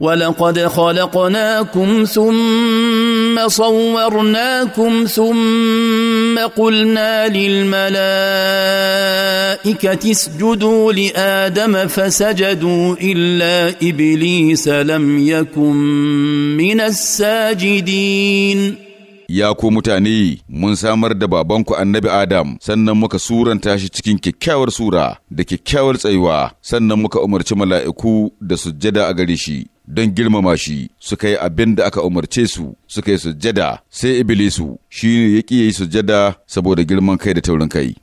ولقد خلقناكم ثم صورناكم ثم قلنا للملائكه اسجدوا لادم فسجدوا الا ابليس لم يكن من الساجدين ya ku mutane mun samar da babanku annabi Adam sannan muka suranta shi cikin kyakkyawar sura da kyakkyawar tsayuwa sannan muka umarci mala'iku da sujjada a gare shi don girmama shi suka yi abin da aka umarce su suka yi sujjada sai ibilisu shi ne ya ƙi yi sujada saboda girman kai da taurin kai.